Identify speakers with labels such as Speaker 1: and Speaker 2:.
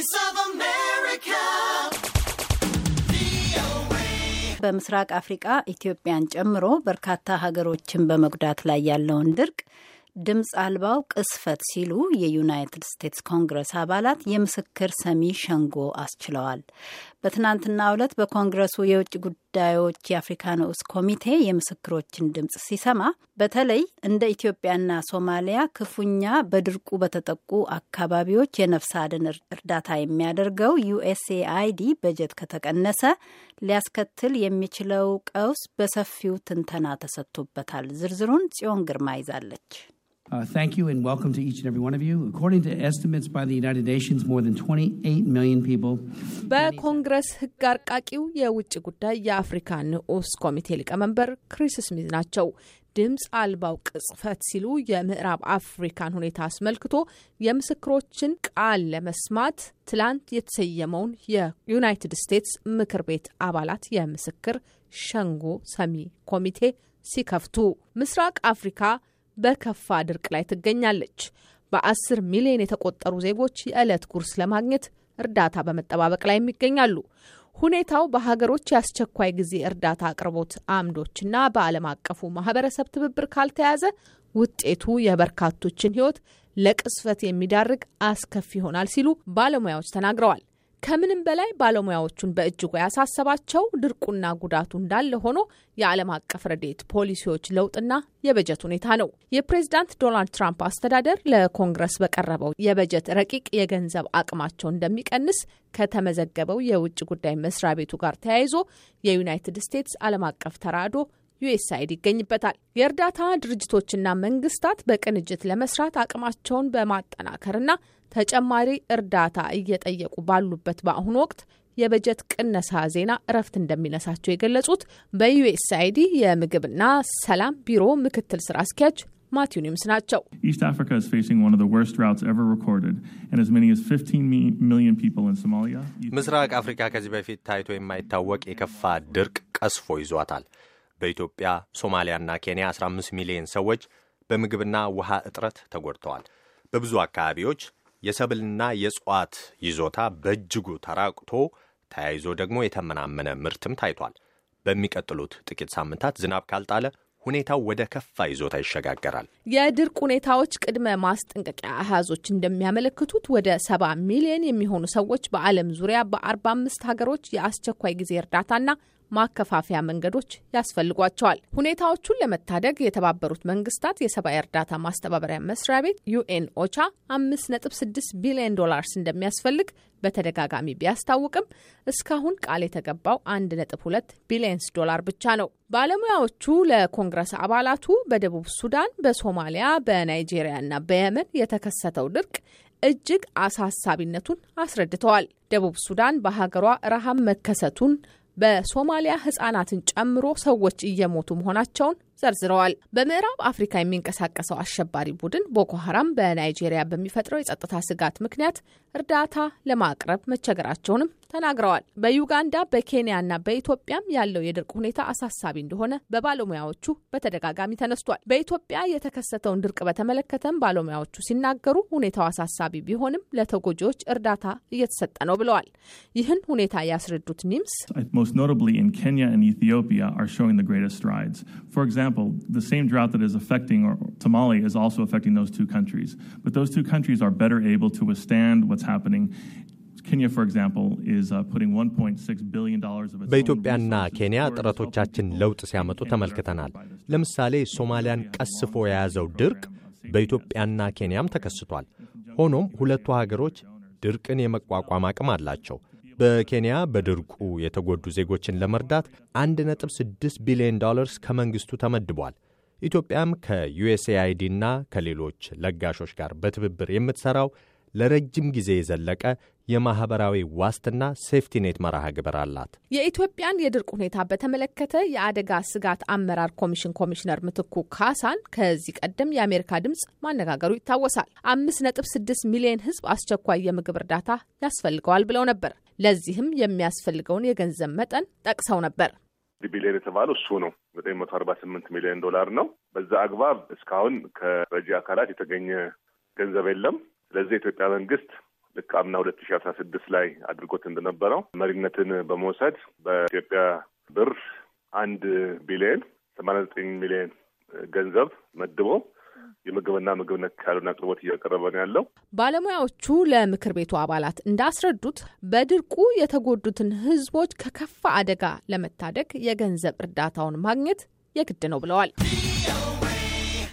Speaker 1: Voice of በምስራቅ አፍሪቃ ኢትዮጵያን ጨምሮ በርካታ ሀገሮችን በመጉዳት ላይ ያለውን ድርቅ ድምፅ አልባው ቅስፈት ሲሉ የዩናይትድ ስቴትስ ኮንግረስ አባላት የምስክር ሰሚ ሸንጎ አስችለዋል። በትናንትናው ዕለት በኮንግረሱ የውጭ ጉዳዮች የአፍሪካ ንዑስ ኮሚቴ የምስክሮችን ድምፅ ሲሰማ በተለይ እንደ ኢትዮጵያና ሶማሊያ ክፉኛ በድርቁ በተጠቁ አካባቢዎች የነፍስ አድን እርዳታ የሚያደርገው ዩኤስኤአይዲ በጀት ከተቀነሰ ሊያስከትል የሚችለው ቀውስ በሰፊው ትንተና ተሰጥቶበታል። ዝርዝሩን ጽዮን ግርማ ይዛለች። Uh, thank you and welcome to each and every one of you. According to estimates by the United Nations, more than 28 million people. በኮንግረስ ህግ አርቃቂው የውጭ ጉዳይ የአፍሪካ ንዑስ ኮሚቴ ሊቀመንበር ክሪስ ስሚዝ ናቸው። ድምፅ አልባው ቅጽፈት ሲሉ የምዕራብ አፍሪካን ሁኔታ አስመልክቶ የምስክሮችን ቃል ለመስማት ትላንት የተሰየመውን የዩናይትድ ስቴትስ ምክር ቤት አባላት የምስክር ሸንጎ ሰሚ ኮሚቴ ሲከፍቱ ምስራቅ አፍሪካ በከፋ ድርቅ ላይ ትገኛለች። በአስር ሚሊዮን የተቆጠሩ ዜጎች የዕለት ጉርስ ለማግኘት እርዳታ በመጠባበቅ ላይ ይገኛሉ። ሁኔታው በሀገሮች የአስቸኳይ ጊዜ እርዳታ አቅርቦት አምዶችና በዓለም አቀፉ ማህበረሰብ ትብብር ካልተያዘ ውጤቱ የበርካቶችን ሕይወት ለቅስፈት የሚዳርግ አስከፊ ይሆናል ሲሉ ባለሙያዎች ተናግረዋል። ከምንም በላይ ባለሙያዎቹን በእጅጉ ያሳሰባቸው ድርቁና ጉዳቱ እንዳለ ሆኖ የዓለም አቀፍ ረድኤት ፖሊሲዎች ለውጥና የበጀት ሁኔታ ነው። የፕሬዚዳንት ዶናልድ ትራምፕ አስተዳደር ለኮንግረስ በቀረበው የበጀት ረቂቅ የገንዘብ አቅማቸው እንደሚቀንስ ከተመዘገበው የውጭ ጉዳይ መስሪያ ቤቱ ጋር ተያይዞ የዩናይትድ ስቴትስ ዓለም አቀፍ ተራድኦ ዩኤስአይድ ይገኝበታል። የእርዳታ ድርጅቶችና መንግስታት በቅንጅት ለመስራት አቅማቸውን በማጠናከርና ተጨማሪ እርዳታ እየጠየቁ ባሉበት በአሁኑ ወቅት የበጀት ቅነሳ ዜና እረፍት እንደሚነሳቸው የገለጹት በዩኤስአይዲ የምግብና ሰላም ቢሮ ምክትል ስራ አስኪያጅ ማቲው ኒምስ ናቸው።
Speaker 2: ምስራቅ አፍሪካ ከዚህ በፊት ታይቶ የማይታወቅ የከፋ ድርቅ ቀስፎ ይዟታል። በኢትዮጵያ ሶማሊያና ኬንያ 15 ሚሊዮን ሰዎች በምግብና ውሃ እጥረት ተጎድተዋል። በብዙ አካባቢዎች የሰብልና የእጽዋት ይዞታ በእጅጉ ተራቅቶ ተያይዞ ደግሞ የተመናመነ ምርትም ታይቷል። በሚቀጥሉት ጥቂት ሳምንታት ዝናብ ካልጣለ ሁኔታው ወደ ከፋ ይዞታ ይሸጋገራል።
Speaker 1: የድርቅ ሁኔታዎች ቅድመ ማስጠንቀቂያ አሃዞች እንደሚያመለክቱት ወደ ሰባ ሚሊዮን የሚሆኑ ሰዎች በዓለም ዙሪያ በ45 ሀገሮች የአስቸኳይ ጊዜ እርዳታና ማከፋፈያ መንገዶች ያስፈልጓቸዋል። ሁኔታዎቹን ለመታደግ የተባበሩት መንግስታት የሰብአዊ እርዳታ ማስተባበሪያ መስሪያ ቤት ዩኤን ኦቻ 5.6 ቢሊዮን ዶላርስ እንደሚያስፈልግ በተደጋጋሚ ቢያስታውቅም እስካሁን ቃል የተገባው 1.2 ቢሊዮንስ ዶላር ብቻ ነው። ባለሙያዎቹ ለኮንግረስ አባላቱ በደቡብ ሱዳን፣ በሶማሊያ፣ በናይጄሪያ እና በየመን የተከሰተው ድርቅ እጅግ አሳሳቢነቱን አስረድተዋል። ደቡብ ሱዳን በሀገሯ ረሃብ መከሰቱን በሶማሊያ ህጻናትን ጨምሮ ሰዎች እየሞቱ መሆናቸውን ዘርዝረዋል። በምዕራብ አፍሪካ የሚንቀሳቀሰው አሸባሪ ቡድን ቦኮ ሀራም በናይጄሪያ በሚፈጥረው የጸጥታ ስጋት ምክንያት እርዳታ ለማቅረብ መቸገራቸውንም ተናግረዋል። በዩጋንዳ በኬንያና በኢትዮጵያም ያለው የድርቅ ሁኔታ አሳሳቢ እንደሆነ በባለሙያዎቹ በተደጋጋሚ ተነስቷል። በኢትዮጵያ የተከሰተውን ድርቅ በተመለከተም ባለሙያዎቹ ሲናገሩ ሁኔታው አሳሳቢ ቢሆንም ለተጎጂዎች እርዳታ እየተሰጠ ነው ብለዋል። ይህን ሁኔታ ያስረዱት ኒምስ example, the same drought that is affecting Tamale is also affecting those two countries. But those two countries are better able to withstand what's happening Kenya, for example, is uh, putting $1.6 billion of its
Speaker 2: በኢትዮጵያና ኬንያ ጥረቶቻችን ለውጥ ሲያመጡ ተመልክተናል። ለምሳሌ ሶማሊያን ቀስፎ የያዘው ድርቅ በኢትዮጵያና ኬንያም ተከስቷል። ሆኖም ሁለቱ ሀገሮች ድርቅን የመቋቋም አቅም አላቸው። በኬንያ በድርቁ የተጎዱ ዜጎችን ለመርዳት 1.6 ቢሊዮን ዶላርስ ከመንግሥቱ ተመድቧል። ኢትዮጵያም ከዩኤስኤአይዲ እና ከሌሎች ለጋሾች ጋር በትብብር የምትሠራው ለረጅም ጊዜ የዘለቀ የማኅበራዊ ዋስትና ሴፍቲኔት መርሃ ግብር አላት።
Speaker 1: የኢትዮጵያን የድርቅ ሁኔታ በተመለከተ የአደጋ ስጋት አመራር ኮሚሽን ኮሚሽነር ምትኩ ካሳን ከዚህ ቀደም የአሜሪካ ድምፅ ማነጋገሩ ይታወሳል። አምስት ነጥብ ስድስት ሚሊዮን ህዝብ አስቸኳይ የምግብ እርዳታ ያስፈልገዋል ብለው ነበር። ለዚህም የሚያስፈልገውን የገንዘብ መጠን ጠቅሰው ነበር።
Speaker 2: ቢሊየን የተባለው እሱ ነው። ዘጠኝ መቶ አርባ ስምንት ሚሊዮን ዶላር ነው። በዛ አግባብ እስካሁን ከረጂ አካላት የተገኘ ገንዘብ የለም። ስለዚህ የኢትዮጵያ መንግስት ልክ አምና ሁለት ሺ አስራ ስድስት ላይ አድርጎት እንደነበረው መሪነትን በመውሰድ በኢትዮጵያ ብር አንድ ቢሊዮን ሰማንያ ዘጠኝ ሚሊዮን ገንዘብ መድቦ የምግብና ምግብ ነክ አቅርቦት እያቀረበ ነው ያለው።
Speaker 1: ባለሙያዎቹ ለምክር ቤቱ አባላት እንዳስረዱት በድርቁ የተጎዱትን ህዝቦች ከከፋ አደጋ ለመታደግ የገንዘብ እርዳታውን ማግኘት የግድ ነው ብለዋል።